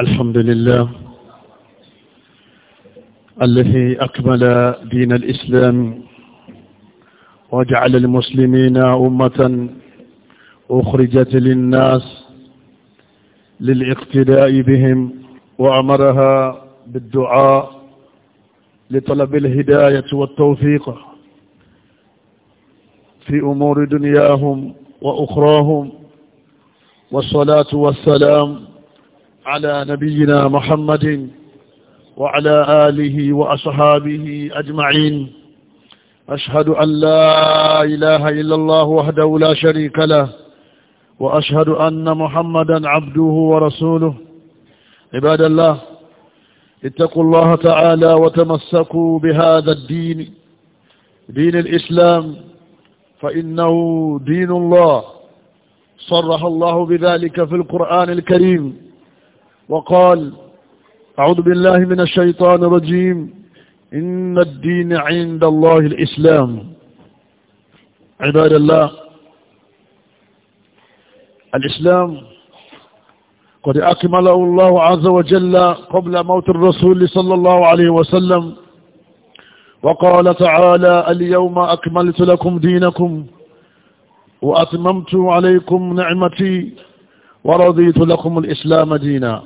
الحمد لله الذي أكمل دين الإسلام وجعل المسلمين أمة أخرجت للناس للاقتداء بهم وأمرها بالدعاء لطلب الهداية والتوفيق في أمور دنياهم وأخراهم والصلاة والسلام على نبينا محمد وعلى آله وأصحابه أجمعين أشهد أن لا إله إلا الله وحده لا شريك له وأشهد أن محمدا عبده ورسوله عباد الله اتقوا الله تعالى وتمسكوا بهذا الدين دين الإسلام فإنه دين الله صرح الله بذلك في القرآن الكريم وقال أعوذ بالله من الشيطان الرجيم إن الدين عند الله الإسلام عباد الله الإسلام قد أكمله الله عز وجل قبل موت الرسول صلى الله عليه وسلم وقال تعالى اليوم أكملت لكم دينكم وأتممت عليكم نعمتي ورضيت لكم الإسلام دينا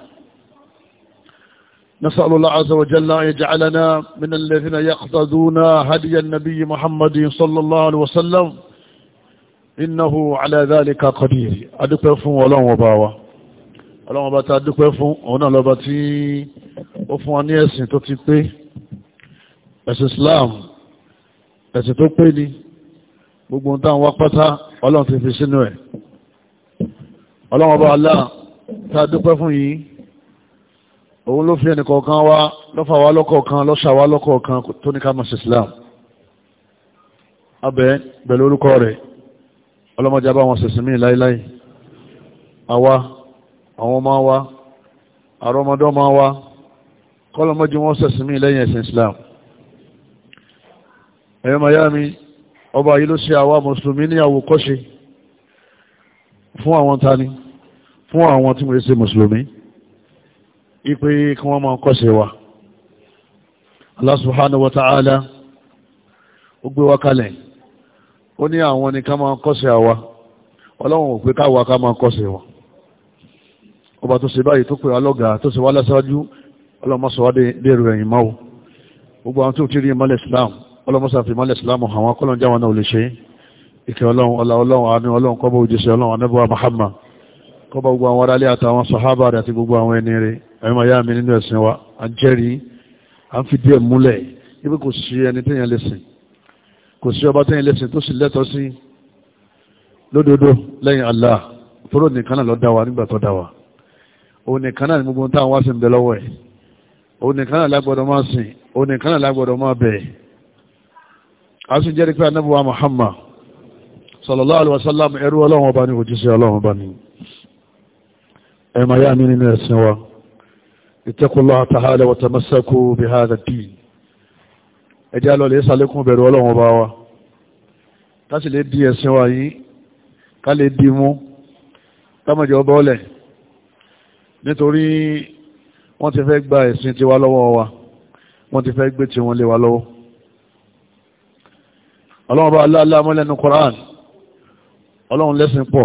نسأل الله عز وجل أن يجعلنا من الذين يقتدون هدي النبي محمد صلى الله عليه وسلم إنه على ذلك قدير أدوك فون ولا وباوا ọlọ́wọ́n bá ta dúpẹ́ fún òun náà lọ́ba tí ó fún wa ní ẹ̀sìn tó ti pé ẹ̀sìn ọlọ́wọ́ bá aláà tá a dúpẹ́ fún yìí òun ló fi ẹnìkọ̀ọ̀kan wá lọ́fà wá lọ́kọ̀ọ̀kan lọ́ṣà wá lọ́kọ̀ọ̀kan tó ní kámọ̀ islam abẹ́ pẹ̀lú orúkọ rẹ̀ ọlọ́mọdé bá wọn sẹ̀sìn míì láíláí àwa àwọn ọmọ wa àrọ́mọdọ́ máa wá kọ́lọ́mọdé wọn sẹ̀sìn míì lẹ́yìn ẹ̀sìn islam ẹ̀yọ́ mayami ọba yìí ló ṣe àwa mùsùlùmí ní àwòkọ́ṣe fún àwọn tani fún àwọn tí wọ́n ṣe mùsùlùmí ipe kí wọ́n máa kọ́ṣe wa Allah subhanahu wa ta'ala ó gbé wa kalẹ̀ ó ní àwọn ni ká máa kọ́ṣe àwa ọlọ́run ò pé káwa ká máa kọ́ṣe wa ọba tó ṣe báyìí tó pè wá lọ́gàá tó ṣe wá lásáájú ọlọ́mọsọ̀wádé dèrò ẹ̀yìn gbogbo àwọn tó ti rí ìkẹ́ ọlọ́run ọlá ọlọ́run àánú ọlọ́run kọ́bọ̀ òjíṣẹ́ ọlọ́run anábọ̀ Muhammad kọ́bọ̀ gbogbo àwọn aráalé àtàwọn sàhábà rẹ̀ àti gbogbo àwọn ẹni rẹ̀ ẹ̀mọ̀ ya mi nínú ẹ̀sìn wa à ń jẹ́rìí à ń fi díẹ̀ múlẹ̀ ibi kò sí ẹni téèyàn lè kò sí ọba téèyàn lè tó sì lẹ́tọ̀ọ́ sí lódodo lẹ́yìn Allah tóró nìkan náà lọ dá wa nígbà tó dá wa òun nìkan náà ni gbogbo táwọn wá sí ń bẹ lọ́wọ́ ẹ̀ òun nìkan náà lágbọ́dọ̀ máa sìn òun nìkan náà lágbọ́dọ̀ máa bẹ̀ a sì jẹ́rìí pé anábùwà Muhammad sallallahu alaihi wasallam ẹrú ọlọ́run ọba ní òjíṣẹ́ ọlọ́run ọba ní ẹ̀mà yá mi nínú ẹ̀sìn wa ittaqullaha ta'ala wa tamassaku bi hadha ad-din ẹjẹ́ alọ́lẹ̀ ìsàlẹ̀kùn bẹ̀rù ọlọ́run ọba wa káṣì lè di ẹ̀sìn wa yìí ká lè di mú kámọ̀jọ bọ́ọ̀lẹ̀ nítorí wọ́n ọlọ́run lẹ́sìn pọ̀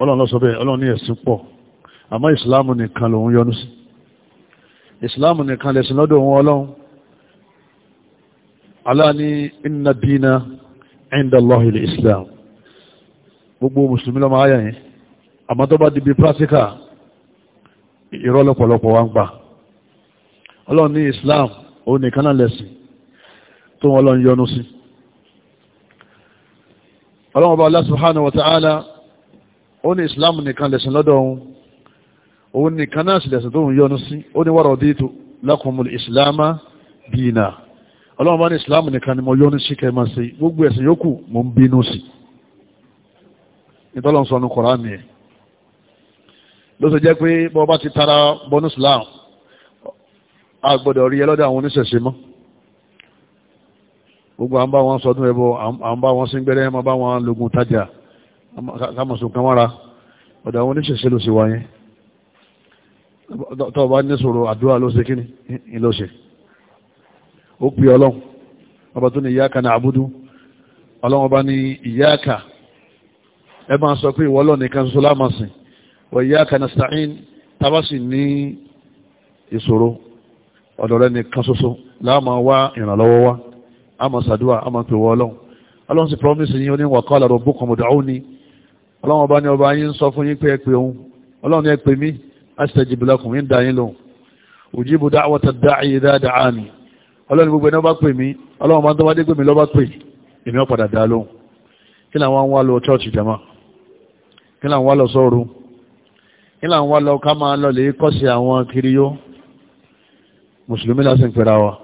ọlọ́run ló bẹ́ẹ̀ ọlọ́run ní ẹ̀sìn pọ̀ àmọ́ ìsìláàmù nìkan lòun yọ́nú sí ìsìláàmù nìkan lọ́dọ̀ òun ọlọ́run ní inna islam gbogbo mùsùlùmí lọ́mọ ayà yẹn àmọ́ tó bá di bí pírátíkà irọ́ lọ́pọ̀lọpọ̀ wa ń gbà ọlọ́run ní ìsìláàmù òun nìkan ọlọ́wọ́n bá Allah subhanahu wa ta'ala ó ní islam nìkan lẹ̀sìn lọ́dọ̀ òun òun nìkan náà sì lẹ̀sìn tó ń yọ́nú sí ó ní wa raditu lakumul islama dina ọlọ́wọ́n bá ní islam nìkan ni mo yọ́nú sí kẹ́ máa ṣe gbogbo gbogbo àwọn bá wọn sọdún ẹbọ àwọn bá wọn síngbẹ́rẹ́ ma bá wọn lógun tajà kámọ̀sùn kamara ọ̀dọ̀ àwọn oníṣẹ̀ṣẹ̀ ló sì wá yẹn tọ́ bá ní sọ̀rọ̀ àdúrà ló ṣe kí ni ló ó pè ọlọ́run ọba tó ní ìyáka ní àbúdú ọlọ́run ní ìyáka ẹ máa sọ pé nìkan ṣoṣo la ní ìṣòro ọ̀dọ̀ nìkan ṣoṣo la wá ìrànlọ́wọ́ wá àmọ́ sàdúwà àmọ́ pè wọ́ ọlọ́run ọlọ́run sì promise yín oní waqala rabbukum ud'uni ọlọ́run ọba ní ọba yín sọ fún yín pé ẹ pé òun ọlọ́run ní ẹ pè mí astajib lakum yín dá yín lóhùn ujibu da'wata da'i idha da'ani ọlọ́run gbogbo ẹni ọba pè mí ọlọ́run ọba tó bá dé pè mí lọ́ba pè èmi ó padà dá lóhùn kí làwọn wá lọ chọ́ọ̀chì jama kí làwọn wá lọ sọ́ọ̀rù kí làwọn wá lọ ká máa lọ lè kọ́sí àwọn kiriyó mùsùlùmí lásìkò pẹ̀lú àwọn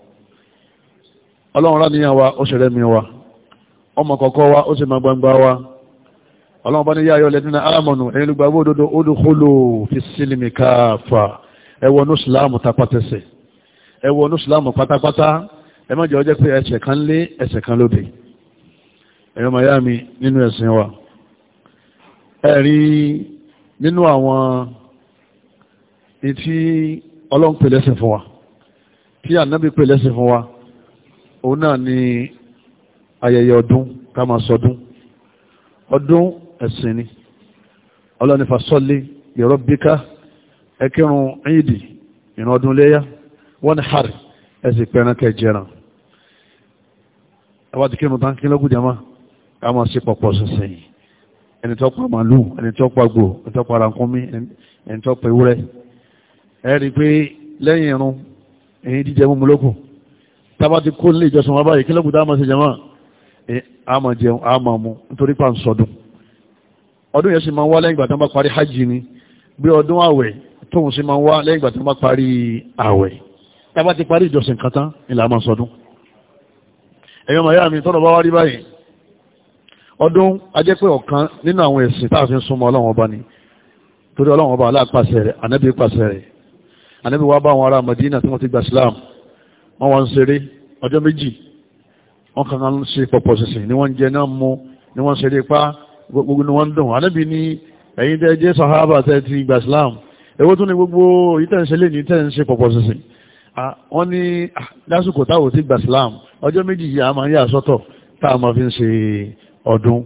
ọlọ́run ráníyàn wa ó ṣẹlẹ̀ mi wa ọmọ kọ̀ọ̀kọ́ wa ó sì máa gbangba wa ọlọ́run bá ní yáyọ lẹ́dínà alámọ̀nù ẹ̀yìn ló gbàgbọ́ òdodo olùkólò fi sílìmì káàfà ẹwọ ní ìsìláàmù tapatẹsẹ̀ ẹwọ ní ìsìláàmù pátápátá ẹ má jẹ́ ọjọ́ pé ẹsẹ̀ kan lé ẹsẹ̀ kan lóde ẹ̀yọ́ miami nínú ẹ̀sìn wa ẹ̀rí nínú àwọn ìtí ọlọ́run pè lẹ́sìn fún wa tí ànábì pè lẹ́sìn fún wa òun náà ni ayẹyẹ ọdún ká máa sọdún ọdún ẹ̀sìn ni ọlọ́ni fasọ́lé yọ̀rọ̀ bíká ẹkírun ìdì ìran ọdún léyá wọ́n ní hàrì ẹ̀sìn pẹ̀rán kẹjẹran ẹwà ti kírun tán kí lọ́gùn jama ká máa ṣe pọ̀pọ̀ sísìn ẹni tó pa màlúù ẹni tó pa gbò ẹni tó pa ràkúnmí ẹni tó pa ewúrẹ́ ẹ rí i pé lẹ́yìn irun èyí jíjẹ mú mu lókun tába ti kó nílé ìjọsìn wọn báyìí kílẹ̀kùn dáa máa ṣe jẹ̀mọ́ eh, a máa jẹun a máa mu nítorí pa ń sọdún ọdún yẹn sì máa ń wá lẹ́yìn ìgbà tó bá parí hajj ni bí ọdún àwẹ̀ tóun sì máa ń wá lẹ́yìn ìgbà tó bá parí àwẹ̀ tába ti parí ìjọsìn kan tán ìlà sọdún ẹ̀yọ́ màá yá mi tọ́nà bá wá rí báyìí ọdún ajẹ́ pé ọ̀kan nínú àwọn ẹ̀sìn tá súnmọ́ ọlọ́run ọba ni torí ọlọ́run ọba aláàpàṣẹ rẹ̀ ànábì pàṣẹ rẹ̀ ànábì wá bá àwọn ará Madina tí wọ́n ti gba Islam wọ́n wá ń ṣeré ọjọ́ méjì wọ́n kàn án ṣe pọ̀pọ̀ sísìn ni wọ́n ń jẹ náà mú ni wọ́n ń ṣeré pa gbogbo ni wọ́n ń dùn ànábì ní ẹ̀yin tẹ́ jẹ́ sahaba tẹ́ ti gba Islam èwo tún ni gbogbo yìí tẹ́ ń ṣe léyìn tẹ́ ń ṣe pọ̀pọ̀ sísìn wọ́n ní lásìkò táwọn ti gba Islam ọjọ́ méjì yìí a máa ń yà sọ́tọ̀ tá a máa fi ń ṣe ọdún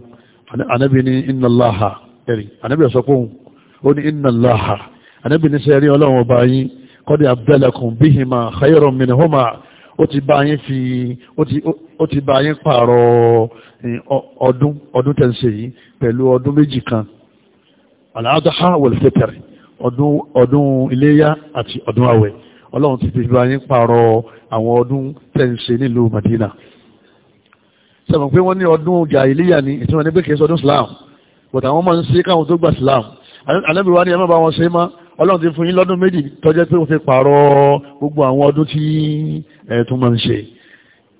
ànábì ní inna ẹ̀rì ànábì ọ̀sọ́ pòun ó ní inna Allaha ní sẹ́rí ọlọ́run ọba yín qad abdalakum bihima khayran minhuma ó ti bá yín fi ó ti bá yín pààrọ̀ ọdún ọdún tẹ̀sẹ̀ yìí pẹ̀lú ọdún méjì kan aláàdáhà wẹ̀lẹ́fẹ̀tẹ̀rẹ̀ ọdún iléyá àti ọdún àwẹ̀ ọlọ́run ti fi bá yín pààrọ̀ àwọn ọdún tẹ̀sẹ̀ nílùú Madina sọ̀rọ̀ pé wọ́n ní ọdún jàhílíyà ni ìtumọ̀ ní sọdún Islam but àwọn máa ń ṣe káwọn tó gba Islam alẹ́bí wa ni ẹ má bá wọn ṣe máa ọlọ́run ti fún yín lọ́dún méjì tọ́jẹ́ pé ó fi pààrọ̀ gbogbo àwọn ọdún tí ẹ̀tún máa ń ṣe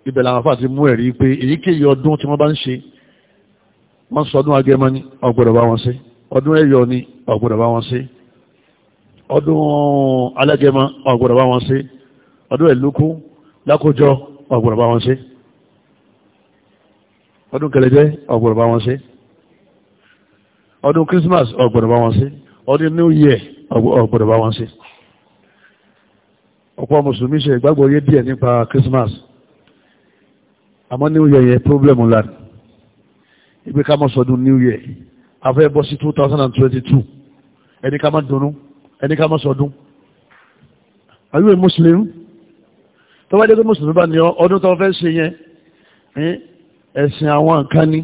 ibẹ̀ làwọn afá ti mú ẹ̀rí pé èyíkéyìí ọdún tí wọ́n bá ń ṣe wọ́n sọ ọdún agẹmọ ní ọ̀gbọ́dọ̀ bá wọn ṣe ọdún ẹ̀yọ̀ ní ọ̀gbọ́dọ̀ bá wọn ṣe ọdún alẹ́gẹmọ ọ̀gbọ́dọ̀ bá wọn ṣe ọdún ẹ̀lúkú lákòjọ ọ̀gbọ́dọ̀ bá wọn ṣe ọdún kẹlẹjẹ ọ̀gbọ́dọ̀ bá wọn ṣe ọdún Christmas ọ̀gbọ́dọ̀ bá wọn ṣe ọdún New Year ọ̀gbọ̀dọ̀ bá wọn ṣe ọ̀pọ̀ mùsùlùmí ṣe ìgbàgbọ́ yé díẹ̀ nípa Christmas àmọ́ new year yẹn problem ńlá ibi ká mọ́ sọdún new year afẹ́ bọ́ sí 2022 ẹni ká má dunnú ẹni ká má sọdún are you a Muslim tó bá dé pé mùsùlùmí bá ní ọdún tó fẹ́ ṣe yẹn ẹ̀sìn àwọn nǹkan ni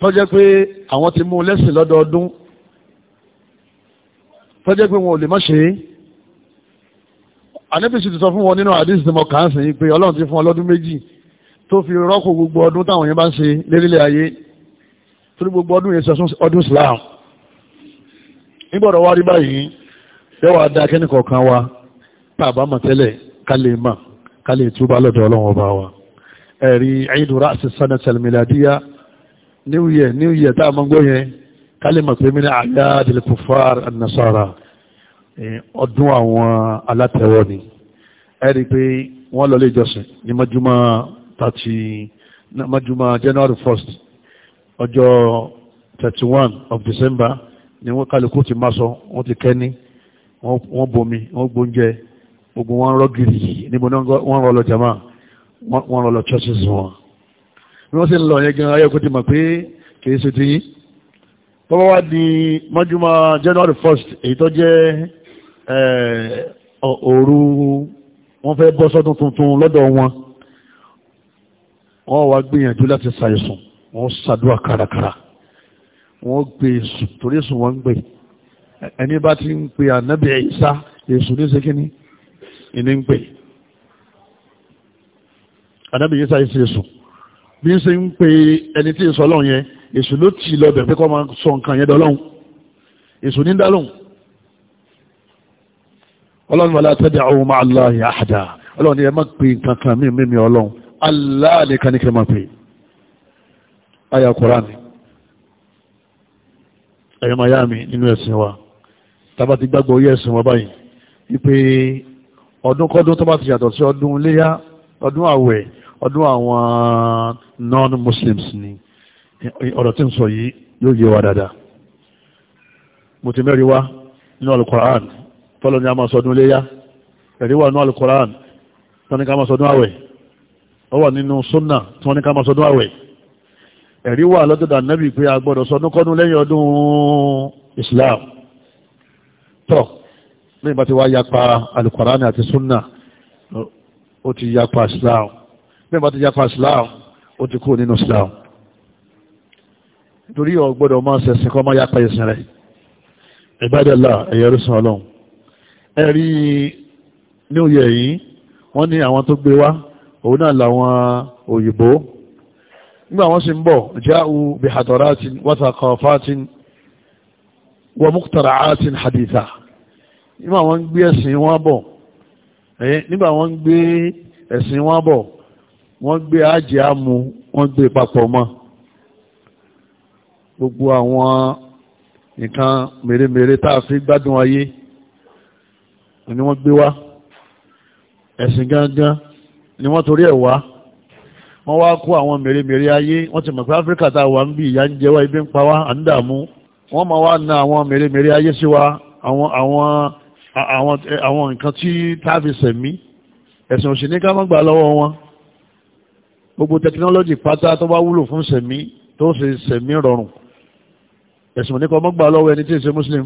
tó jẹ́ pé àwọn ti mú lẹ́sìn lọ́dọọdún tọ́jẹ́ pé wọn ò lè má ṣe é ànẹ́bìsì ti sọ fún wọn nínú àdísì tí mo kà á sìn yí pé ọlọ́run ti fún ọ lọ́dún méjì tó fi rọ́pò gbogbo ọdún táwọn yẹn bá ń ṣe lérílẹ̀ ayé torí gbogbo ọdún yẹn sọ ọdún Islam nígbọ̀dọ̀ wá rí báyìí yẹ́wàá dá kẹ́nìkọ̀ọ̀kan wa tá a bá mọ̀ tẹ́lẹ̀ ká lè mọ̀ ká lè túbà lọ́dọ̀ ọlọ́run ọba wa ẹ̀rí Eid Ras sanat al New Year New Year tá a mọ̀ gbọ́ yẹn kálímà pé mìíràn àdáàdìlì kùfàr ànàsára ọdún àwọn alátẹ̀wọ́ ni ẹ̀rí pé wọ́n lọ lé ìjọsìn ní májúmọ́ 30 májúmọ́ January 1st ọjọ́ 31 of December ni wọ́n kálukú ti máa sọ wọ́n ti kẹ́ni wọ́n bomi wọ́n gbóúnjẹ gbogbo wọn rọ gírì níbo wọ́n rọ lọ jama wọ́n rọ lọ churches wọn bí wọ́n sì ń lọ yẹn gan ayọ́kùn ti mọ̀ pé kìí ṣe ti yín bọ́bá wá di mọ́júmọ́ january 1st èyí tó jẹ́ òru wọ́n fẹ́ bọ́ sọ́dún tuntun lọ́dọ̀ wọn wọ́n wá gbìyànjú láti ṣàìsùn wọ́n ṣàdúrà kárakára wọ́n gbé èsù torí èsù wọ́n ń gbé ẹni bá ti ń pe ànábì Ìsá èsù ní sekínì ìní ń gbé ànábì Ìsá èsù bí ń ṣe ń pe ẹni tí ìsọlọ́ọ̀ yẹn èṣù ló tì lọ bẹ̀ pé kọ́ máa sọ nǹkan yẹn dọ́lọ́hún èṣù ní dálóhùn ọlọ́run wàlá tẹ́jà ọ̀hún máa lọ àyà àdá ọlọ́run ni ẹ má pe nǹkan kan mí mímí ọlọ́run Allah nìkan ní kí ẹ má pe àyà Kùránì ẹ̀yọ́ máa yá mi nínú ẹ̀sìn wa tábà ti gbàgbọ́ orí ẹ̀sìn wa báyìí wípé ọdún kọ́dún tó bá ti yàtọ̀ sí ọdún iléyá ọdún àwẹ̀ ọdún àwọn non-muslims ni ọ̀rọ̀ tí ń sọ yìí yóò yé wa dáadáa mo ti mẹ́rin wá nínú alukoran tọ́lọ ni a máa sọdún léyá ẹ̀rí wà nínú alukoran tọ́ ní ká máa sọdún àwẹ̀ ó wà nínú sunna tí wọ́n ní ká máa sọdún àwẹ̀ ẹ̀rí wà lọ́dọ̀dà nẹ́bì pé a gbọ́dọ̀ sọdún kọ́dún lẹ́yìn ọdún islam tọ́ lẹ́yìn bá ti wá yapa alukoran àti sunna ó ti yapa islam lẹ́yìn bá ti yapa islam ó ti kú nínú islam torí ọ gbọ́dọ̀ máa sẹ̀sìn kọ́ máa yápa ìsìn rẹ̀ ìbádẹ́lá ẹ̀yẹrú sàn ọlọ́run ẹ̀rí ní òye yìí wọ́n ní àwọn tó gbé wá òun náà làwọn òyìnbó nígbà wọ́n sì ń bọ̀ jáù bí hàtọ̀rátin wátàkọ̀fátin wọ múkútàràátin haditha nígbà wọ́n gbé ẹ̀sìn wọn bọ̀ nígbà wọ́n gbé ẹ̀sìn wọn bọ̀ wọ́n gbé ajé àmú wọ́n gbé papọ̀ mọ́ gbogbo àwọn nǹkan mèremère tá a fi gbádùn ayé ni wọ́n gbé wá ẹ̀sìn gangan ni wọ́n torí ẹ̀ wá wọ́n wá kó àwọn mèremère ayé wọ́n ti mọ̀ pé áfíríkà tá a wà ń bí ìyà ń jẹ wá ibi ń pa wá à ń dààmú wọ́n máa wá na àwọn mèremère ayé sí wa àwọn àwọn àwọn àwọn nǹkan tí táàfi sẹ̀mí ẹ̀sìn òsì ní ká má gbà lọ́wọ́ wọn gbogbo tẹkinọ́lọ́jì pátá tó bá wúlò fún sẹ̀mí tó sì sẹ̀mí rọrùn ẹ̀sùn ní kọ́ mọ́ gbà lọ́wọ́ ẹni tí ń ṣe muslim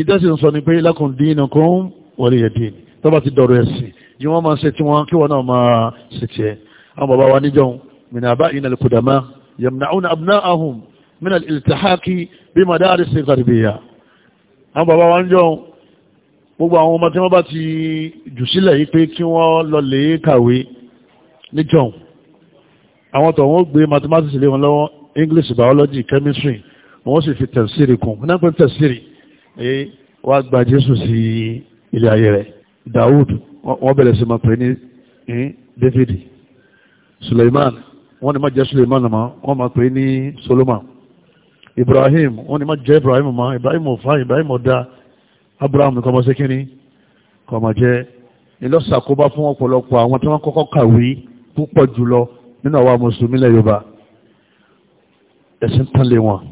ìdẹ́sì ń sọ ni pé lakum dinukum waliya din tó bá ti dọ̀rọ̀ ẹ̀sìn yí wọ́n máa ṣe tí wọ́n kí wọ́n náà máa ṣe tiẹ̀ àwọn bàbá wa níjọ́ min aba'ina al-qudama yamna'una abna'ahum min al-iltihaqi bi madaris gharbiyya àwọn bàbá wa níjọ́ gbogbo àwọn ọmọ tí wọ́n bá ti jù sílẹ̀ yí pé kí wọ́n lọ lè kàwé níjọ́ àwọn tó wọ́n gbé mathematics lé wọn lọ́wọ́ English biology chemistry wọ́n sì fi tẹ̀sírì kún náà pé tẹ̀sírì ẹ wá gba jésù sí ilé ayé rẹ̀ dawud wọ́n bẹ̀rẹ̀ sí ma pè ní david suleiman wọ́n ní ma jẹ́ suleiman ma wọ́n ma pè ní solomon ibrahim wọ́n ní ma jẹ́ ibrahim ma ibrahim ò fa ibrahim ò da abraham kọ́ ma ṣe kínní kọ́ ma jẹ́ ìlọ́sàkóbá fún ọ̀pọ̀lọpọ̀ àwọn tí wọ́n kọ́kọ́ kàwé púpọ̀ jùlọ nínú àwa mùsùlùmí lẹ́yọba ẹ̀sìn tán lé wọn.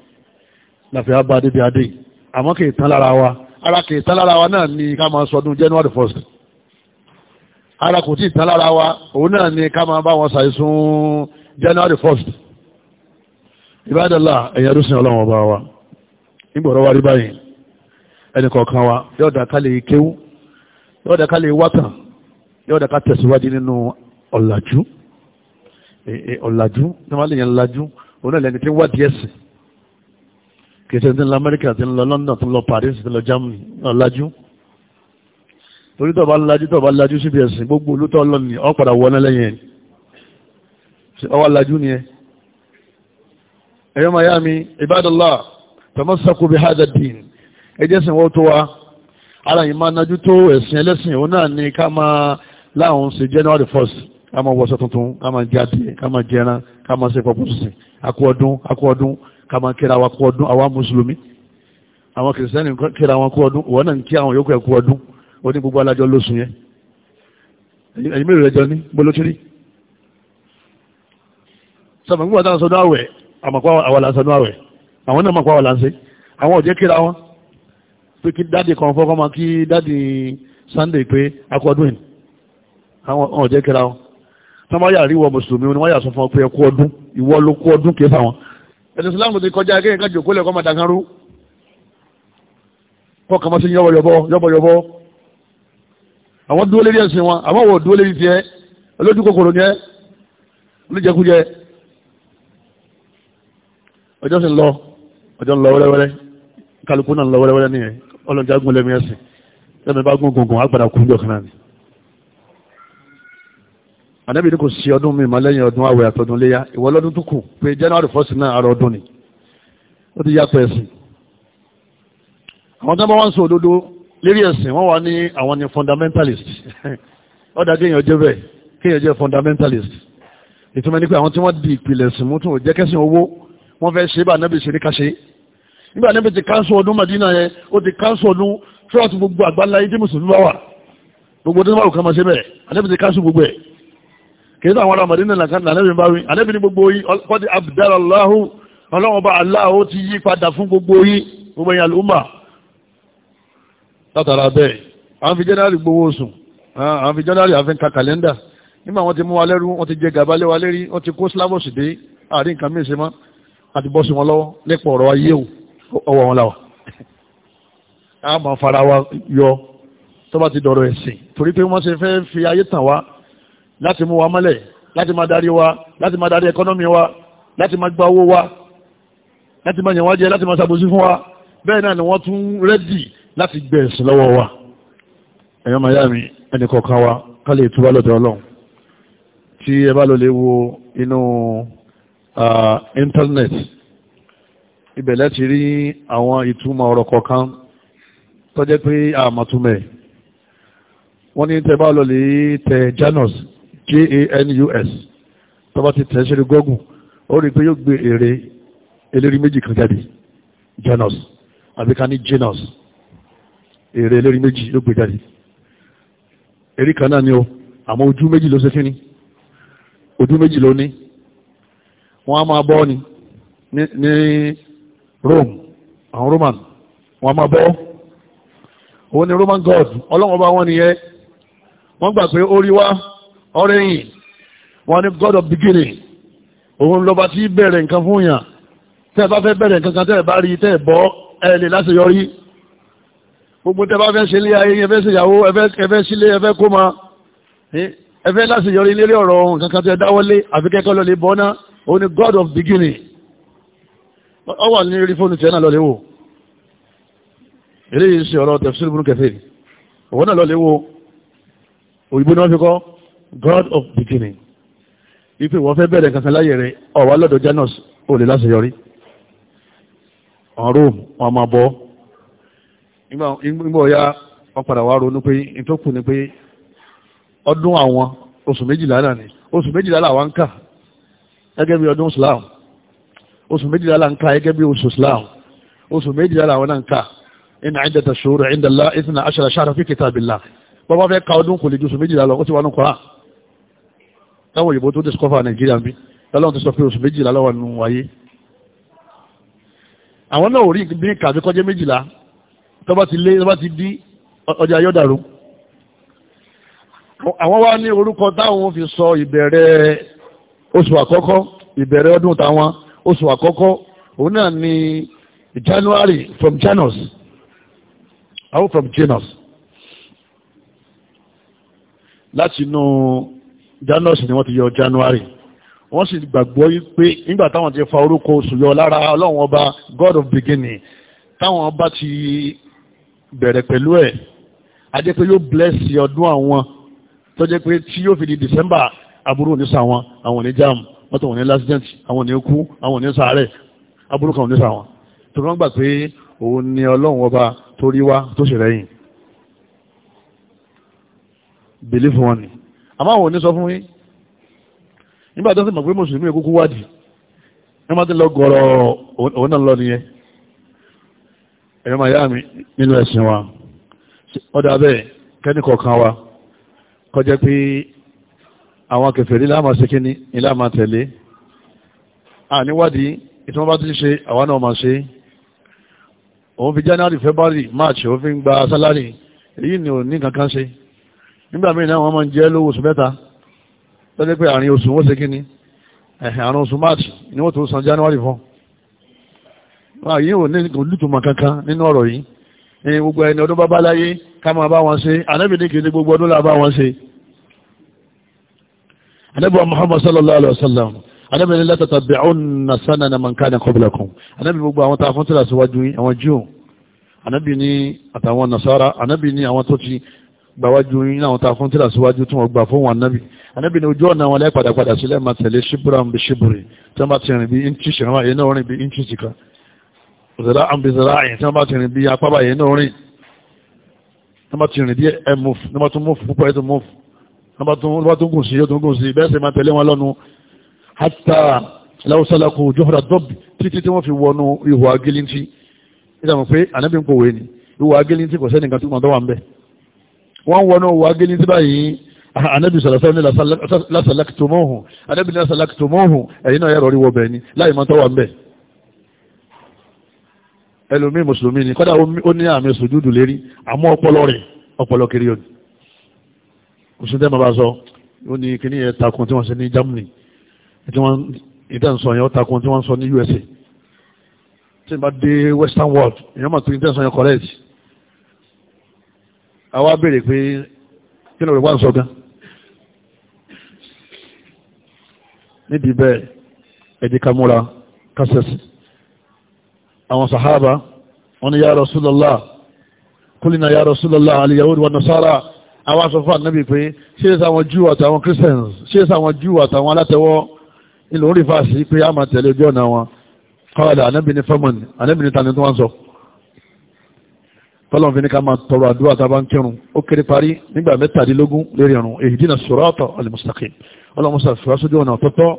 láfi á bá débi adé àmọ́ kì í tán lára wa ara kì í tán lára wa náà ni ká máa sọdún January first ara kò tí ì tán lára wa òun náà ni ká máa bá wọn ṣàìsùn January first ìbádọ́là ẹ̀yà ló sin ọlọ́wọ́n bá wa nígbọ̀rọ̀ wá rí báyìí ẹnì kọ̀ọ̀kan wa yóò dá ká lè kéwú yóò dá ká lè wátàn yóò dá ká tẹ̀síwájú nínú ọ̀làjú ọ̀làjú ní wọ́n lè yẹn làjú òun náà lẹ́ni tí ń wádìí ẹ̀sìn kìí tí ń lọ amẹ́ríkà tí ń lọ london tí ń lọ paris tí ń lọ germany náà lájú torí tọ́ba lájú tọ́ba lájú síbi ẹ̀sìn gbogbo olútọ́ lọ́nìí ọ padà wọ́n lẹ́yìn ẹ̀ ọwọ́ lájú ni ẹ ẹ̀yọ́ miami ibadallah tamassaku bi hadha din ẹjẹ́ sìn wọ́n tó wa ara yìí máa nájú tó ẹ̀sìn ẹlẹ́sìn òun náà ni ká máa láwọn ṣe january first ká máa wọṣọ tuntun ká máa jáde ká máa jẹran ká máa ṣe pọpọ sísìn akú ọdún akú ọdún Kama máa kíra wa kú ọdún àwa mùsùlùmí àwọn kìrìsìtẹ́nì kíra wọn kú ọdún ìwọ náà ń kí àwọn yòókù ẹ̀ kú ọdún ó ní gbogbo alájọ lóṣù yẹn ẹ̀yìn mẹ́rin rẹ̀ jọ ní gbólótírí sọ̀rọ̀ nígbà táwọn sọdún àwẹ̀ àmọ̀pá àwọn àwẹ̀ àwọn náà mọ̀pá àwọn àwọn òjẹ́ kíra wọn pé kí dáàdì kan fọ́kọ́ máa kí dáàdì Sunday pé akọ́dún ẹ̀ àwọn òjẹ́ kíra wọn tí wọ́n yà rí wọ mùsùlùmí wọn yà sọ ọdún ìwọ ló kú ọdún wọn ẹni islam ti kọjá kéèyàn ká jòkó lẹ́kọ́ máa dàgánrú kọ́ kàmá sí yọ́bọ̀yọ́bọ́ yọ́bọ̀yọ́bọ́ àwọn dúró lérí ẹ̀sìn wọn àwọn wò dúró lérí tiẹ̀ olójú kòkòrò ni ẹ́ oníjẹkújẹ ọjọ́ sì ń lọ ọjọ́ ń lọ wẹ́rẹ́wẹ́rẹ́ kálukú náà ń lọ wẹ́rẹ́wẹ́rẹ́ nìyẹn ọlọ́njà gún lẹ́mí ẹ̀sìn lẹ́mí bá gún gùngùn àgbàdà kúrú jọ náà ni ànábì ní kò sí ọdún mi mọ́ lẹ́yìn ọdún àwẹ̀ àtọdún léyà ìwọ lọ́dún tó kù pé january first náà àrò ọdún ni ó ti yàtọ̀ ẹ̀sìn àwọn tó bá sọ òdodo lérí ẹ̀sìn wọ́n wà ní àwọn ni fundamentalist ọ̀dà kéèyàn jẹ́ bẹ́ẹ̀ kéèyàn jẹ́ fundamentalist ìtumọ̀ ní pé àwọn tí wọ́n di ìpìlẹ̀ ẹ̀sìn mú tún ò jẹ́ kẹ́sìn owó wọ́n fẹ́ ṣe bá ànábì ṣe ní káṣe nígbà ànábì ti káńsù ọdún Madina yẹn ó ti káńsù ọdún fẹ́ràn gbogbo àgbáńlá yìí tí mùsùlùmí bá wà kìí sọ àwọn ará Mádínà nìkan lànàbí bá wí ànàbí ní gbogbo yín kọ́dí abdallahu ọlọ́run bá aláhó ti yí padà fún gbogbo yín gbogbo yín àlùmà látara bẹ́ẹ̀ àwọn fi jẹ́nẹ́rì gbowó oṣù àwọn fi jẹ́nẹ́rì àfin ka kàlẹ́ndà nígbà wọn ti mú wa lẹ́rú wọn ti jẹ gàba lé wa lérí wọn ti kó slavos dé àárín nǹkan mìíràn ṣe àti bọ́ wọn lọ́wọ́ lẹ́pọ̀ ọ̀rọ̀ ayé ọwọ́ wọn làwà á máa fara wa yọ tó bá ti dọ̀rọ̀ ẹ̀sìn torí pé wọ́n ṣe fẹ́ fi ayé tàn wá láti mú wa mọ́lẹ̀ láti máa darí wa láti máa darí ẹkọ́nọ́mì wa láti máa gba owó wa láti máa yàn wá láti máa ṣàbòsí fún wa bẹ́ẹ̀ náà ni wọ́n tún rẹ́dì láti gbẹ̀ẹ̀sì lọ́wọ́ wa ẹ̀yọ́ miami ẹnì kọ̀ọ̀kan wa ká lè túbá lọ́dọ̀ ọlọ́run tí ẹ bá lọ lè wo inú internet ibẹ̀ láti rí àwọn ìtumọ̀ ọ̀rọ̀ kọ̀ọ̀kan tó jẹ́ pé àmọ̀túnmẹ̀ wọ́n ní tẹ bá lọ lè tẹ janus K-A-N-U-S tó bá ti tẹ̀ sórí gọ́gùn ó rí pé yóò gbé èrè eléri méjì kan jáde janus àbí ká ní janus èrè eléri méjì yóò gbé jáde èrè kan náà ni ó àmọ́ ojú méjì ló ṣe kí ni ojú méjì ló ní wọ́n á máa bọ́ ni ní Rome àwọn Roman wọ́n á máa bọ́ òun ni Roman God ọlọ́wọ́n bá wọ́n nìyẹn wọ́n gbà pé ó rí wá ọ̀rẹ́yìn wọ́n ní god of beginning òun lọ́ba tí bẹ̀rẹ̀ nǹkan fún yàn tẹ́ bá fẹ́ bẹ̀rẹ̀ nǹkan kan tẹ́ bá rí tẹ́ bọ́ ẹ lè láṣeyọrí gbogbo tẹ́ bá fẹ́ ṣe ilé ayé ẹfẹ́ ṣèyàwó ẹfẹ́ sílé ẹfẹ́ kó ma ẹfẹ́ láṣeyọrí lérí ọ̀rọ̀ ohun kankan tẹ́ dáwọ́lé àfi kẹ́kọ̀ọ́ lọ lè bọ́ ná òun ni god of beginning ọ wà ní rí fóònù tiẹ̀ náà lọ lè wò eléyìí ń ṣe ọ̀rọ̀ tafsir ibn kathir òun náà lọ lè wò òyìnbó ni wọ́n fi kọ́ God of beginning ipe wọ́n fẹ́ bẹ̀rẹ̀ kankan láyé rẹ̀ ọ̀wá lọ́dọ̀ Janus ò lè láṣeyọrí ọ̀rọ̀ wọn máa bọ́ nígbà ọ̀yá wọn padà wá ronú pé ìtọ́kù ni pé ọdún àwọn oṣù méjìlá náà ni oṣù méjìlá làwọn ń kà gẹ́gẹ́ bí ọdún Islam oṣù méjìlá là ń kà gẹ́gẹ́ bí oṣù Islam oṣù méjìlá làwọn náà ń kà inna 'iddatash-shuhuri 'inda Allahi ithna ashara shahran fi kitabillah bọ́bá fẹ́ ka ọdún kò lè ju oṣù méjìlá lọ ó ti wà ní Kùránì táwọn òyìnbó tó discover Nàìjíríà bí lọ́lọ́run ti sọ pé oṣù méjìlá lọ́wọ́ nù ayé àwọn náà ò rí bí kàbí kọjá méjìlá tó bá ti lé tó bá ti dí ọjà yọ́dàrú àwọn wá ní orúkọ táwọn fi sọ ìbẹ̀rẹ̀ oṣù àkọ́kọ́ ìbẹ̀rẹ̀ ọdún táwọn oṣù àkọ́kọ́ òun náà ni January from Janus àwọn from Janus láti inú. No January ni wọ́n ti yọ January wọ́n sì gbàgbọ́ pé nígbà táwọn ti fa orúkọ oṣù yọ lára ọlọ́run ọba God of beginning táwọn ọba ti bẹ̀rẹ̀ pẹ̀lú ẹ̀ ajẹ́ pé yóò bless ọdún àwọn tó jẹ́ pé tí yóò fi di December aburú ní sàwọn àwọn ní jam mọ́tò wọn ní lásìdẹ̀ntì àwọn ní kú àwọn ní sàárẹ̀ aburú kan ní sàwọn tó rán gbà pé òun ni ọlọ́run ọba tó rí wá tó sì rẹ̀yìn believe one àmọ́ àwọn ò ní sọ fún yín nígbà tó sì mọ̀ pé mùsùlùmí èkó kú wádìí ní wọ́n ti lọ gọ̀rọ̀ òun náà lọ nìyẹn ẹ̀yọ́ máa yá mi nínú ẹ̀sìn wa ọ̀dà bẹ́ẹ̀ kẹ́ni kọ̀ọ̀kan wa kọjá pé àwọn kèfèrí láàmà ṣe kíní ìlàmà tẹ̀lé àníwádìí ìtàn bá ti ṣe àwọn náà máa ṣe òun fi January February March òun fi ń gba sálárì èyí ni ò ní kankan ṣe nígbà míì náà wọ́n máa ń jẹ́ lówó oṣù mẹ́ta lọ́dẹ́ pé àárín oṣù wọ́n ṣe kí ni ẹ̀hẹ̀ àárín oṣù march ni wọ́n tó san january fún wọn àyè ò ní olùtùmọ̀ kankan nínú ọ̀rọ̀ yìí ní gbogbo ẹni ọdún bábá láyé ká máa bá wọn ṣe ànábì ní kìíní gbogbo ọdún làbá wọn ṣe ànábì wa muhammad sallallahu alayhi wa sallam ànábì ní látàtà bẹ̀rún sanana man kana qablakum ànábì gbogbo àwọn tá a fún àwọn jíò ànábì ní àtàwọn nasara ànábì ní àwọn tó ti gbàwájú yín náà ta fún tíra síwájú tí wọ́n gbà fún wọn nábì anábì ní ojú ọ̀nà wọn lẹ́pàdà padà sílẹ̀ máa tẹ̀lé ṣíbúra ń bí ṣíbúrì tí wọ́n bá ti rìn bí íńtíṣì rán àyè náà rìn bí íńtíṣì kan zara ń bí zara àyè tí wọ́n bá ti rìn bí apá báyè náà rìn tí wọ́n bá ti rìn díẹ̀ ẹ̀ múfù ní wọ́n tún múfù púpọ̀ ẹ̀ tún múfù ní wọ́n tún gùn sí yóò tún gùn sí bẹ́ẹ̀ sì máa tẹ̀lé wọn lọ́nu hátà láwùsálàkù jọ́hùrà dọ́bì títí tí wọ́n fi wọnú ihò agilintí nígbà pé ànábì ń kò wé ni ihò agilintí kò sẹ́nìkan tó mọ̀ tó ń bẹ́ẹ̀ wọ́n wọnú wàgé ní síbáyìí anabi sọ̀rọ̀sọ́ ní lásàlákìtòmóhùn anabi lásàlákìtòmóhùn ẹ̀yìn náà yẹ́rọ ríwọ bẹ̀ ni láì mọ́ tọ́wà mẹ́ ẹlòmí mùsùlùmí ni kọ́dá ó ní àmì sùjúdù lérí àmọ́ ọpọlọ rẹ̀ ọpọlọ kiri yóò kùsùn tẹ́ bàbá sọ ó ní kíní ẹ̀ takun tí wọ́n ṣe ní Germany ìtẹ́nsọ yẹn ó takun tí wọ́n sọ ní USA tí wọ́n bá dé Western world ìyẹn mọ̀ pé ìtẹ́nsọ yẹn correct àwa béèrè pé kí ló rẹ̀ wá ń sọ gan nídìí bẹ́ẹ̀ ẹ̀dí kamúra kásẹ̀sì àwọn sàhábà wọn ni ya Rasulullah kúlìnà ya Rasulullah al-yahud wa nasara àwọn asọ̀fà nábì pé ṣe é sáwọn Jew àtàwọn Christians ṣe é sáwọn Jew àtàwọn alátẹwọ́ ilẹ̀ orí fàásì pé a máa tẹ̀lé ojú ọ̀nà wọn kọ́ọ̀dà anábì ní fẹ́mọ̀n tani tó wọ́n sọ tọ́lọ́n fi ní ká máa tọrọ àdúrà tá a bá ń kírun ó kéré parí nígbà mẹ́tàdínlógún lérí ọ̀run ihdina sirata al-mustaqim ọlọ́mọsà fìwásójú ọ̀nà ọ̀tọ́tọ́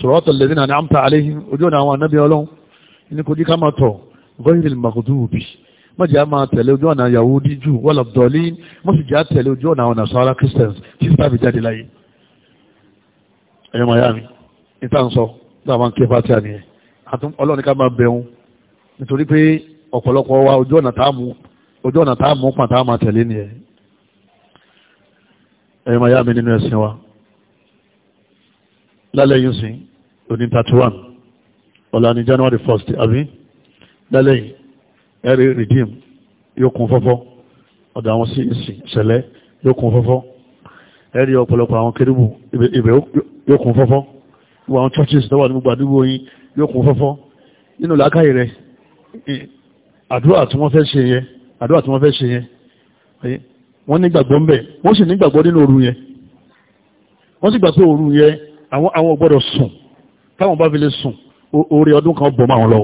sirata alladhina an'amta alayhim ojú ọ̀nà àwọn anábì ọlọ́run ní kojú ká máa tọ̀ ghayril maghdubi mọ̀jẹ̀ á máa tẹ̀lé ojú ọ̀nà Yahudi Júù wala ddallin miami níta ń sọ láwọn kí pàtí àníyàn ọlọ́run ká máa bẹ̀rù nítorí pé ọ̀pọ̀lọpọ̀ ojú ọ̀nà tá a mú pàtà á máa tẹ̀lé ni ẹ ẹ̀yìn máa yá mi nínú ẹ̀sìn wa lálẹ́ yìí sìn òní thirty one ọ̀la ní January first àbí lálẹ́ yìí ẹ̀rí redeem yóò kún fọ́fọ́ ọ̀dọ̀ àwọn sí ìsìn ṣẹlẹ̀ yóò kún fọ́fọ́ ẹ̀rí ọ̀pọ̀lọpọ̀ àwọn kérúbù ibẹ̀ yóò kún fọ́fọ́ gbogbo àwọn churches tó wà ní gbogbo àdúgbò yín yóò kún fọ́fọ́ nínú làákàyè rẹ̀ àdúrà tí wọ́n fẹ́ ṣe yẹn àdúrà tí wọ́n fẹ́ ṣe yẹn wọ́n nígbàgbọ́ ń bẹ̀ wọ́n sì nígbàgbọ́ nínú òru yẹn wọ́n sì gbà pé òru yẹn àwọn àwọn gbọ́dọ̀ sùn táwọn bá fi lè sùn orí ọdún kan bọ̀ máa lọ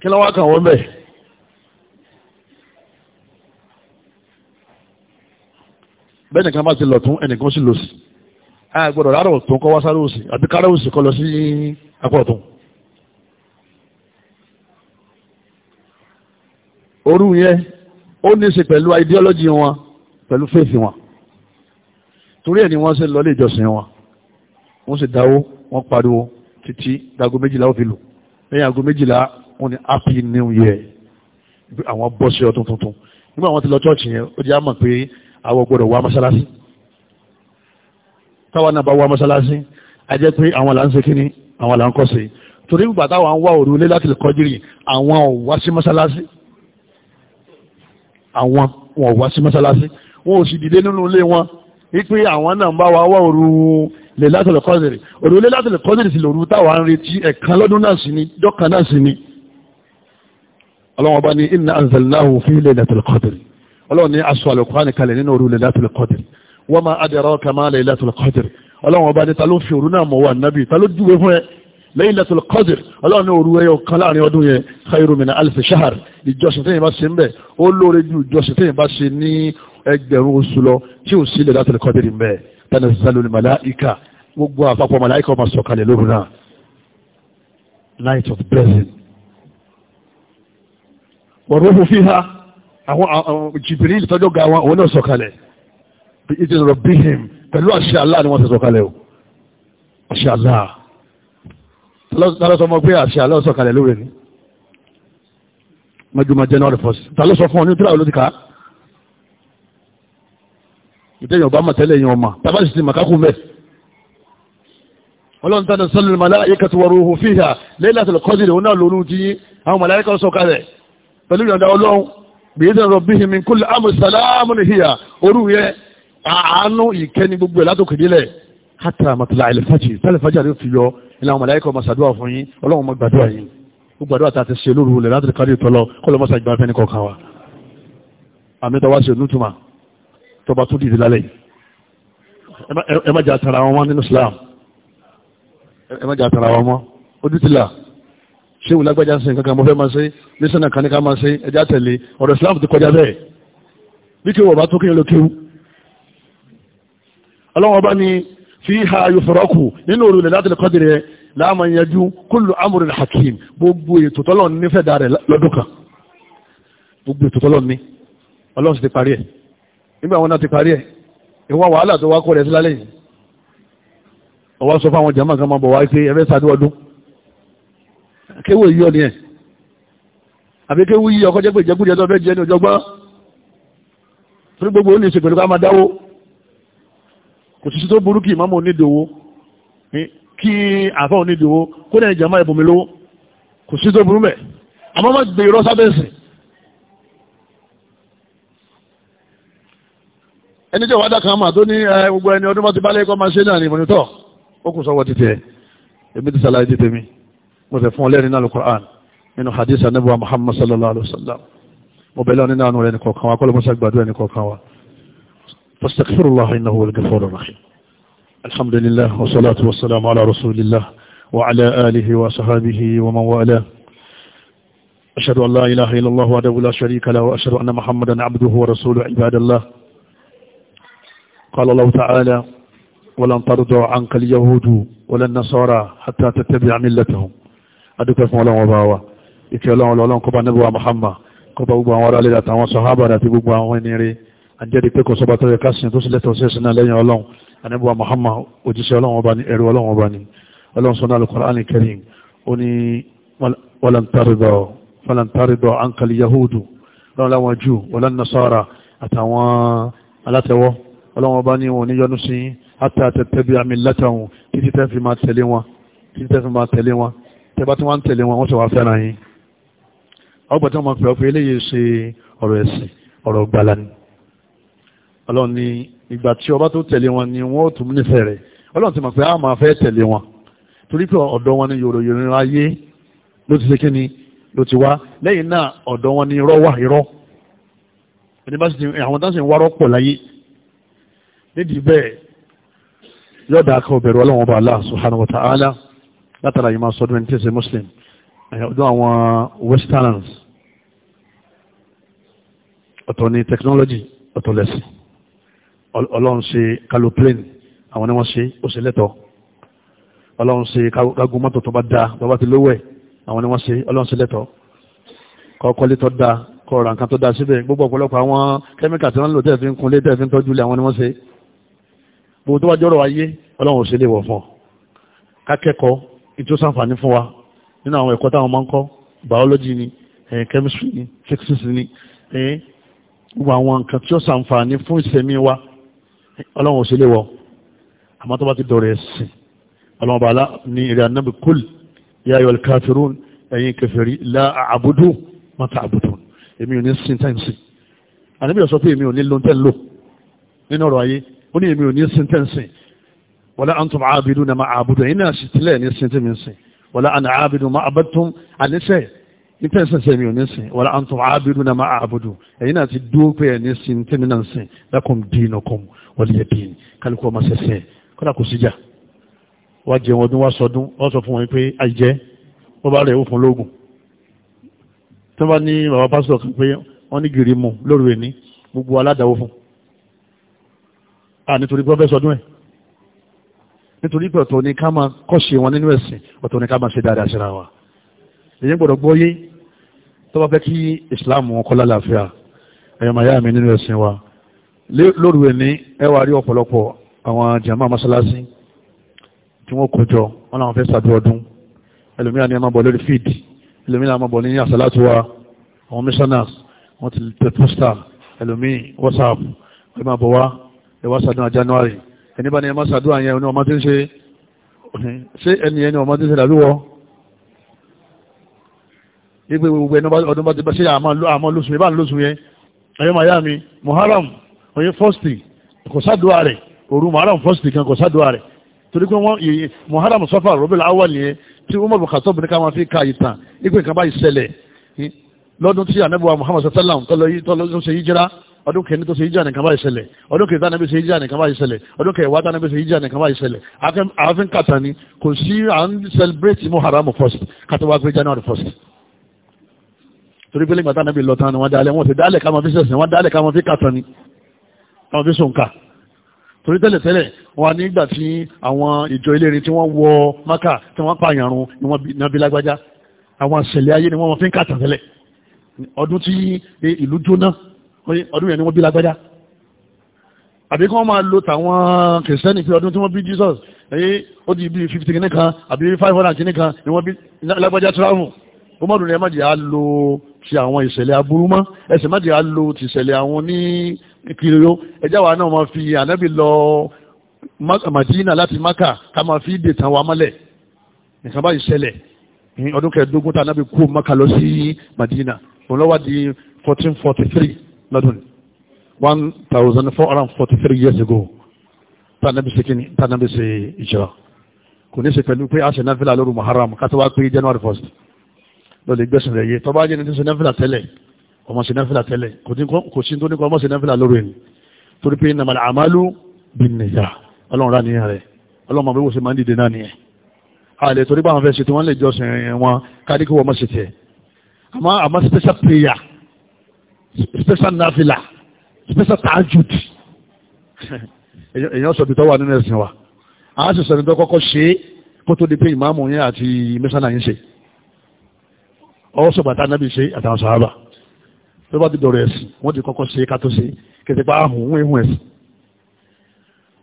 kí lọ́wọ́ kan wọ́n bẹ̀ bẹ́ẹ̀ nìkan bá ti lọ tún ẹnìkan sì lọ sí a gbọ́dọ̀ rárọ̀ tó ń kọ́ wá sáré òsì àbí kárẹ́ òsì kọ́ lọ sí apọ̀ ọ̀tún òru yẹn ó ní í ṣe pẹ̀lú ideology wọn pẹ̀lú faith wọn torí ẹ̀ ni wọ́n ṣe lọ lé ìjọsìn wọn wọ́n sì dáwó wọ́n pariwo títí dago méjìlá ó lẹ́yìn ago méjìlá wọ́n ní happy new year àwọn bọ́ sí ọdún tuntun nígbà wọn ti lọ chọ́ọ̀chì yẹn ó jẹ́ àmọ̀ pé àwọn gbọ́dọ̀ wá mọ́sálásí táwa náà bá wá mọ́sálásí a jẹ́ pé àwọn là ń ṣe kíní àwọn là ń kọ́ sí torí gbàtà wọn wá òru lé láti lè kọjú àwọn ò wá sí mọ́sálásí àwọn wọn ò wá sí mọ́sálásí wọn ò sì dìde nínú ilé wọn wípé àwọn náà ń bá wa wá òru lè látọ̀lẹ̀ kọ́sìrì òru lè látọ̀lẹ̀ kọ́sìrì sì lòru táwa ń retí ẹ̀kan lọ́dún náà sí ni dọ́kan náà sí ni ọlọ́wọ́n bá ní inna anzalnahu fi lè látọ̀lẹ̀ laylatul qadr ọlọ́run ní òru ẹyọ kan láàrin ọdún yẹn khairu min alf shahar ìjọsìn tẹ́yìn bá ṣe ń bẹ̀ ó lóore ju ìjọsìn tẹ́yìn bá ṣe ní ẹgbẹ̀rún oṣù lọ tí ò sí laylatul qadr mẹ́ tanazzalul malaika gbogbo àpapọ̀ màláìkà ọmọ sọ̀kalẹ̀ lóru náà night of blessing wọ̀rọ̀fù fi ha àwọn jìbìrì ìtọ́jọ́ ga wọn òun náà sọ̀kalẹ̀ it is rọ̀bíhìm pẹ̀lú àṣẹ Allah ni wọ́n ti sọ̀kalẹ̀ o àṣẹ Allah ta ló sọ mọ́ pé àṣẹ àlọ́ sọ̀kalẹ̀ lóore ni mọ́júmọ́ january first ta ló sọ fún ọ ní tíra olóòtìká ìtẹ́yìn ọba mọ̀tẹ́lẹ̀ yẹn ọmọ tàbí sì màkákù mẹ́ ọlọ́run tánà sọ́lọ̀ màláyíkà ti wọ̀rọ̀ òfin ìhà lẹ́yìn láti lọ́kọ́ sí ìdíwọ́n náà lónú ti yí àwọn màláyíkà sọ kalẹ̀ pẹ̀lú ìyọ̀nda ọlọ́run bèyí tẹ̀ rọ̀ bíi mi kúlẹ̀ àmì sàlámù nìhìyà orú yẹn àánú ìkẹ́ni gbogbo ẹ̀ látòkèdílẹ̀ hátà matula ilẹ̀fàjì tẹ́lẹ̀fàjì àti fi yọ ilẹ̀ àwọn mọ̀láyíkọ̀ ma ṣàdúrà fún yín ọlọ́run ma gbàdúrà yín gbàdúrà tàà ti ṣe lóru rẹ̀ láti kárí ìtọ́lọ kọlọ mọ́sà ìgbà fẹ́ni kọ̀ọ̀kan wa àmẹ́ta wá sí onútùmá tọba tó dìde lálẹ́ ẹ má jà tara wọn nínú Islam ẹ má jà tara wọn mọ́ ó dúdú là ṣé wùlá gbájá sí nǹkan kan mo fẹ́ máa ṣe lẹ́sẹ̀nà kan ní máa ṣe ẹjá tẹ̀lé ọ̀rọ̀ Islam ti kọjá bẹ́ẹ̀ bí kí wọ́n bá tó kéèyàn lókèwú fíhà yòfòrọ́kù nínú òru Lailatul Qadr láàmà yanjú kullu amrin hakim gbogbo ètò tọ́lọ̀ nífẹ̀ẹ́ dà rẹ̀ lọ́dún kan gbogbo ètò tọ́lọ̀ ní ọlọ́run sì ti parí ẹ̀ nígbà wọn náà ti parí ẹ̀ ìwọ wàhálà tó wá kọ́ rẹ̀ sí lálẹ́ yìí ọwọ́ sọ fáwọn jàmá kan máa bọ̀ wá pé ẹ̀fẹ́ sàdú ọdún kéwò yíyọ ni ẹ̀ àbí kéwò yíyọ kọjá pé ìjẹkújẹ tó fẹ́ jẹ ní ọjọ́gbọ́n torí gbogbo ó ní ìṣe pẹ̀lú ká máa dáwó kò sí tó burú kí ìmáàmù onídìí owó kí àfáà onídìí owó kó dẹ̀ jàmá ìbùnmi lówó kò sí tó burú mẹ́ àmọ́ má gbé irọ́ sábẹ́sì ẹni tí ìwádà kan mà tó ní gbogbo ẹni ọdún bá ti bálẹ̀ kọ́ máa ṣe náà ní ìmọ̀nitọ́ ó kù sọ́wọ́ títí èmi ti sàlàyé títí mi mo fẹ́ fún ọ lẹ́rìí náà Al-Qur'an nínú hadith anabuwa Muhammad sallallahu alayhi wa sallam mo bẹ̀rẹ̀ nínú àánú rẹ̀ nìkọ̀ọ̀kan wa kọ́lọ́mọ́sá gbàdúrà nìkọ̀ọ̀kan wa فاستغفر الله إنه هو الغفور الرحيم الحمد لله والصلاة والسلام على رسول الله وعلى آله وصحابه ومن والاه أشهد أن لا إله إلا الله وحده لا شريك له وأشهد أن محمدا عبده ورسوله عباد الله قال الله تعالى ولن ترضى عنك اليهود ولا النصارى حتى تتبع ملتهم أدوك فمولا وباوا إكي الله ولولا كبا نبوى محمد كبا أبوى وراء لذات وصحابة تبوى وينيري àjẹ́rí pé kò sọ́ba tó yẹ ká sìn tó sì lẹ́tọ̀ọ́ sí ẹ̀sìn náà lẹ́yìn ọlọ́run anábíwá Muhammad òjíṣẹ́ ọlọ́run ọba ní ẹ̀rù ọlọ́run ọba ní ọlọ́run sọ́nà al-Qur'an al-Karim ó ní walantaridọ̀ ankali yahudu lọ́wọ́n láwọn jù wọlán nasara àtàwọn alátẹwọ́ ọlọ́run ọba ní wọn ní yọnu sí hatta tattabi'a millatahum títí tẹ́ fi máa tẹ̀lé wọn títí tẹ́ fi máa tẹ̀lé wọn tẹ́ ọlọ́run ní ìgbà tí ọba tó tẹ̀lé wọn ni wọ́n ó tún nífẹ̀ẹ́ rẹ̀ ọlọ́run ti mọ̀ pé a máa fẹ́ tẹ̀lé wọn torí pé ọ̀dọ̀ wọn ni yòrò yòrò ayé ló ti ṣe kí ni ló ti wá lẹ́yìn náà ọ̀dọ̀ wọn ni irọ́ wà irọ́ ẹni bá sì ti àwọn tá sì ń wárọ́ pọ̀ láyé nídìí bẹ́ẹ̀ yọ̀dà akọ bẹ̀rù ọlọ́run ọba subhanahu wa ta'ala látara yìí máa sọdún ẹni tí ṣe muslim ọdún àwọn westerners ọ̀tọ̀ ni technology ọ̀tọ̀ lẹ́sìn ọlọ́run ṣe kaloplane àwọn ni wọ́n ṣe ó ṣe lẹ́tọ̀ ọlọ́run ṣe kágun mọ́tò tó bá da bàbá ti lówẹ̀ àwọn ni wọ́n ṣe ọlọ́run ṣe lẹ́tọ̀ kọ́kọ́lé tó da kọ́ra nǹkan tó da síbẹ̀ gbogbo ọ̀pọ̀lọpọ̀ àwọn kẹ́míkà tí wọ́n lò tẹ́ẹ̀fín kunlé tẹ́ẹ̀fín tọ́jú lé àwọn ni wọ́n ṣe gbogbo tó wá jọ́rọ̀ ayé ọlọ́run ò ṣe lè wọ̀ fún ọ kákẹ́kọ̀ọ́ ìtòsànfàní fún wa nínú àwọn ẹ̀kọ́ táwọn máa ń kọ́ biology ni eh, chemistry ni physics ni eh, gbogbo àwọn nǹkan tí ó ṣàǹfààní fún ìṣẹ̀mí wa ọlọ́run òsì léwọ́ àmọ́ tó bá ti dọ̀rẹ̀ ẹ̀sìn ọlọ́run bàálá ní ìrìn ànábì kúl ya ayyuhal kafirun ẹ̀yin kẹfẹ̀rí la a'budu ma ta'budun èmi ò ní sin tẹ́ǹsì ànábì ọ̀sọ́ pé èmi ò ní lo nínú ọ̀rọ̀ ayé ó ní èmi ò ní sin tẹ́ǹsì wala antum aabiduna ma a'budu ẹ̀yin náà sì tilẹ̀ ní sin tẹ́ǹsì wala ana aabidu ma àníṣẹ́ nítẹ̀sẹ̀sẹ̀ mi ò ní sìn wala antum aabiduna ma a'budu ẹ̀yin náà ti dúró pé ẹ̀ ní sin tẹ́mi náà sìn lakum dinukum waliyadin kálukú ọmọ sẹ̀sẹ̀ kọ́dà kò síjà wá jẹun ọdún wá sọdún wọ́n sọ fún wọn pé àìjẹ́ wọ́n bá rẹ̀ ó fún lóògùn tí wọ́n bá ní bàbá pásítọ̀ kan pé wọ́n ní gìrì mu lóru ẹni gbogbo aládàáwó fún à nítorí pé wọ́n fẹ́ sọdún ẹ̀ nítorí pé ọ̀tọ̀ ni ká máa kọ́ṣe wọn nínú ẹ̀sìn ọ̀tọ̀ ni ká máa ṣe dáadáa síra wa èyàn gbọ́dọ̀ gbọ́yé tó bá fẹ́ kí ìsìláàmù wọn kọ́ lálàáfíà ẹ̀yọ̀mọ̀ mi nínú ẹ̀sìn wa lóru ẹ̀ ní ẹwà rí ọ̀pọ̀lọpọ̀ àwọn jàmá mọ́sálásí tí wọ́n kó jọ wọn làwọn fẹ́ sàdú ọdún ẹlòmíràn ni a máa bọ̀ lórí fíìdì ẹlòmíràn a máa bọ̀ ní àsálàtú wa àwọn missionaries wọ́n ti tẹ pósítà ẹlòmíì whatsapp ẹ máa bọ̀ wá ẹ wá sàdúrà january ẹni bá ní ẹ má sàdúrà yẹn ní ọmọ tí ń ṣe ṣé ẹni yẹn ní ọmọ ṣe dàbí ipe gbogbo ẹni ọdún bá ti bá ṣe àmọ́ lóṣù yẹn bá ń lóṣù yẹn ẹ̀yọ́ màá yá mi muharram oye fọ́stì kò sádùá rẹ̀ òru muharram fọ́stì kan kò sádùá rẹ̀ torí pé wọ́n yìí muharram sọ́fà rọ́bìlà awal yẹn tí Umar bukatob ní ká máa fi ka ìtàn ipe nǹkan báyìí ṣẹlẹ̀ lọ́dún tí anabuwa Muhammad sallam tọ́lọ́ ṣe yíjira ọdún kẹni tó ṣe yíjà nìkan báyìí ṣẹlẹ̀ ọdún kẹta níbi ṣe yíjà nìkan báyìí ṣẹlẹ̀ ọdún kẹwàá tá níbi ṣe yíjà nìkan báyìí ṣẹlẹ̀ àfin kàtà ni kò sí à ń celebrate muharram first kàtà wá pé January first torí pélé ìgbàtà níbi lọ́tàn ni wọ́n dálẹ̀ wọ́n ti dálẹ̀ ká mọ́ fi sẹ̀sìn wọ́n dálẹ̀ ká mọ́ fi kàtàn ni àwọn fi sùnkà torí tẹ́lẹ̀ tẹ́lẹ̀ wọ́n nígbà tí àwọn ìjọ ilérin tí wọ́n wọ maka tí wọ́n pààyàrún ni wọ́n nábi lágbájá àwọn àṣẹlẹ̀ ayé ni wọ́n fi kàtàn tẹ́lẹ̀ ọdún tí eh, ìlú jóná ọdún yẹn ni wọ́n bí lágbájá àbí kí wọ́n máa lo tàwọn kìrìsìtẹ́nì pé ọdún tí wọ́n bí Jesus eh, ó di bí fifty kìnnìkan àbí five hundred kìnnìkan ni wọ́n bí lágbájá travel Umaru ni ẹ má jẹ́ á lo ti àwọn ìṣẹ̀lẹ̀ aburú mọ́ ẹ má jẹ́ á lo ti ìṣẹ̀lẹ̀ àwọn ní kiriyo o ẹjá wa náà máa fi ànábì lọ Madina láti Maka ká máa fi dè tán wa mọ́lẹ̀ nǹkan báyìí ṣẹlẹ̀ ọdún kẹẹ̀ẹ́dógún tá ànábì kú Maka lọ sí Madina òun lọ́wọ́ di fourteen forty three lọ́dún one thousand four hundred forty three years ago tá ànábì ṣe kíni tá ànábì ṣe ìjọ kò ní ṣe pẹ̀lú pé a ṣe náfìlà lóru Muharram ká wá pé January first ló lè gbẹ́sùn rẹ̀ yé tọ́ba jẹ́ ní ti ṣe nẹ́fìlà tẹ́lẹ̀ ọmọ ṣe nẹ́fìlà tẹ́lẹ̀ kò sí tó ní kọ́ ọmọ ṣe nẹ́fìlà lórí ẹni torí pé nàmàlà àmàlù bí nìyà ọlọ́run rà níyà rẹ̀ ọlọ́run àbẹ̀wò ṣe máa ń dìde náà nìyẹn àlè torí báwọn fẹ́ ṣe special prayer special special tajud èèyàn sọ bitọ́ wà nínú ẹ̀sìn wa àá sì sọ ní tó kọ́kọ́ ṣe kó tó di pé ìmáàmù yẹn àti mẹ́sàn-án ṣe ọwọ́ sọ̀gbà tá nábì ṣe àtàwọn sàhábà tó bá ti dọ̀rọ̀ ẹ̀sìn wọ́n ti kọ́kọ́ ṣe ká tó ṣe kẹtẹpá ahùn wọ́n ehun ẹ̀sìn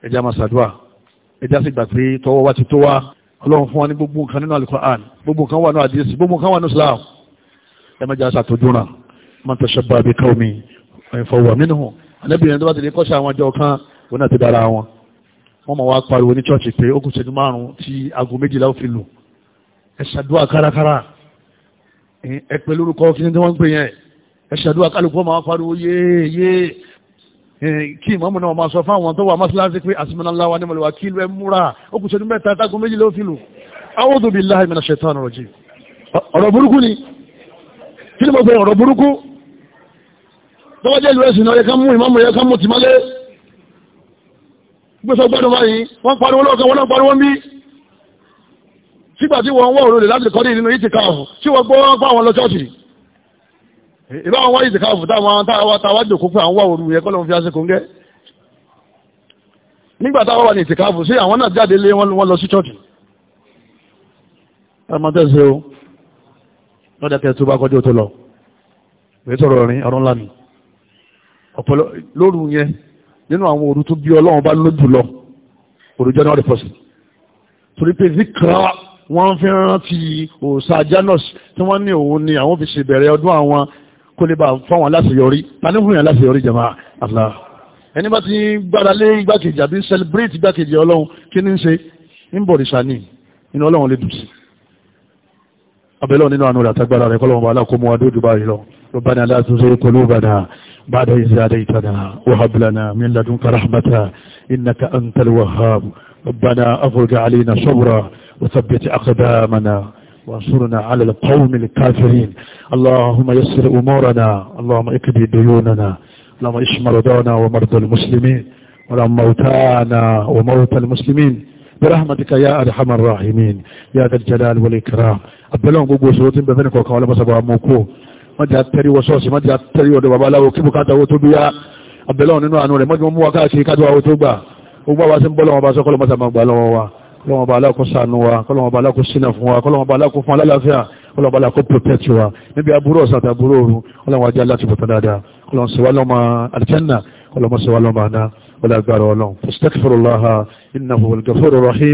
ẹjá máa ṣàdúrà ẹjá sì gbà pé tọwọ́ wa ti tó wa ọlọ́run fún wa ní gbogbo nǹkan nínú Al-Qur'an gbogbo nǹkan wà ní àdíyèsí gbogbo nǹkan wà ní Islam ẹ má jẹ́ aṣàtòjúra man tashabbaha bi qawmin fahuwa minhum anábìrin tó bá ti lè kọ́ṣà àwọn ọjọ́ kan wọn náà ti dára wọn wọ́n mọ̀ wá pariwo ní chọ́ọ̀chì pé ó kù ṣẹ́jú márùn-ún tí aago méjìlá ó fi lù kárakára ẹ pè lórúkọ kí ni tí wọ́n ń pè yẹn ẹ ṣàdúrà kálukú ọmọ afárú yéé yéé kí ìmọ̀mù náà máa sọ fáwọn tó wà mọ́sálásí pé àsìmọ́nàlá wa ní mọ̀lẹ́wà kí ló ẹ múra ó kù sẹ́dún mẹ́ta tágún méjì ló fìlù a'udhu billahi minash shaitani rajim ọ̀rọ̀ burúkú ni kí ni mo pe ọ̀rọ̀ burúkú tọ́wọ́ jẹ́ ìlú ẹ̀sìn náà yẹ mú ìmọ̀mù yẹ mú tìmọ́lé gbèsè gbọ́dọ̀ sígbà tí wọ́n ń wọ́ láti kọ́ ní nínú ìtìkáàfù tí wọ́n gbọ́ bá wọn lọ ìbá wọn wá ìtìkáàfù táwọn táwọn dòkó pé àwọn wà òru yẹ kọ́lọ́ fi aṣekò ń gẹ́ nígbà táwọn wà ní sí àwọn náà jáde lé wọn lọ sí ṣọ́ọ̀ṣì ẹmọtẹ́sẹ̀ o torí pé zikra wọ́n fi rántí òòṣà Janus tí wọ́n ní òun ni àwọn fi ṣèbẹ̀rẹ̀ ọdún àwọn kó lè bá fáwọn aláṣeyọrí tani fún yàn aláṣeyọrí jama Allah ẹni bá ti gbára lé igbákejì àbí celebrate igbákejì ọlọ́run kí ní ń ṣe ń bọ̀ rìṣà ní inú ọlọ́run lè dùn sí abẹ́lọ́ nínú àánú rẹ̀ àtagbára rẹ̀ kọ́lọ́mọba alákòmọ́ adójú báyìí lọ ربنا لا تزغ قلوبنا بعد إذ هديتنا وهب لنا من لدنك رحمة إنك أنت الوهاب ربنا أفرج علينا صبرا وثبت أقدامنا وانصرنا على القوم الكافرين اللهم يسر أمورنا اللهم اكبي ديوننا اللهم اشف مرضانا ومرضى المسلمين اللهم موتانا وموتى المسلمين برحمتك يا أرحم الراحمين يا ذا الجلال والإكرام أبلون gbogbo ìṣòro tí ń bẹ fẹ́ni kọ̀ọ̀kan ọlọ́mọsọ̀bọ̀ àmúkú wọ́n jẹ́ àtẹ́rí wọ ṣọ́ọ̀ṣì wọ́n jẹ́ àtẹ́rí ọ̀dọ̀ babaláwo kí bùkátà owó tó bí yá abẹ́lọ́run nínú àánú rẹ̀ mọ́jú mú wa káàkiri kájọ́ àwọn tó gbà gbogbo àwọn tí ń bọ́ lọ́wọ́ bá sọ́kọ́ lọ́mọsọ̀bọ̀ gbà lọ́wọ́ wa kọlọ́wọ́n bá aláàkó sànú wa kọlọ́wọ́n bá aláàkó sínà fún wa kọlọ́wọ́n bá aláàkó fún alálàáfíà kọlọ́wọ́n bá aláàkó protect wa níbi aburú ọ̀sán àti aburú oòrùn kọlọ́wọ́n ajá láti bọ̀tán dáadáa kọlọ́wọ́n sèwá lọ́mọ àlìjánà kọlọ́wọ́n sèwá lọ́mọ àná wọlé agbára ọlọ́run astaghfirullah innahu al-ghafurur rahim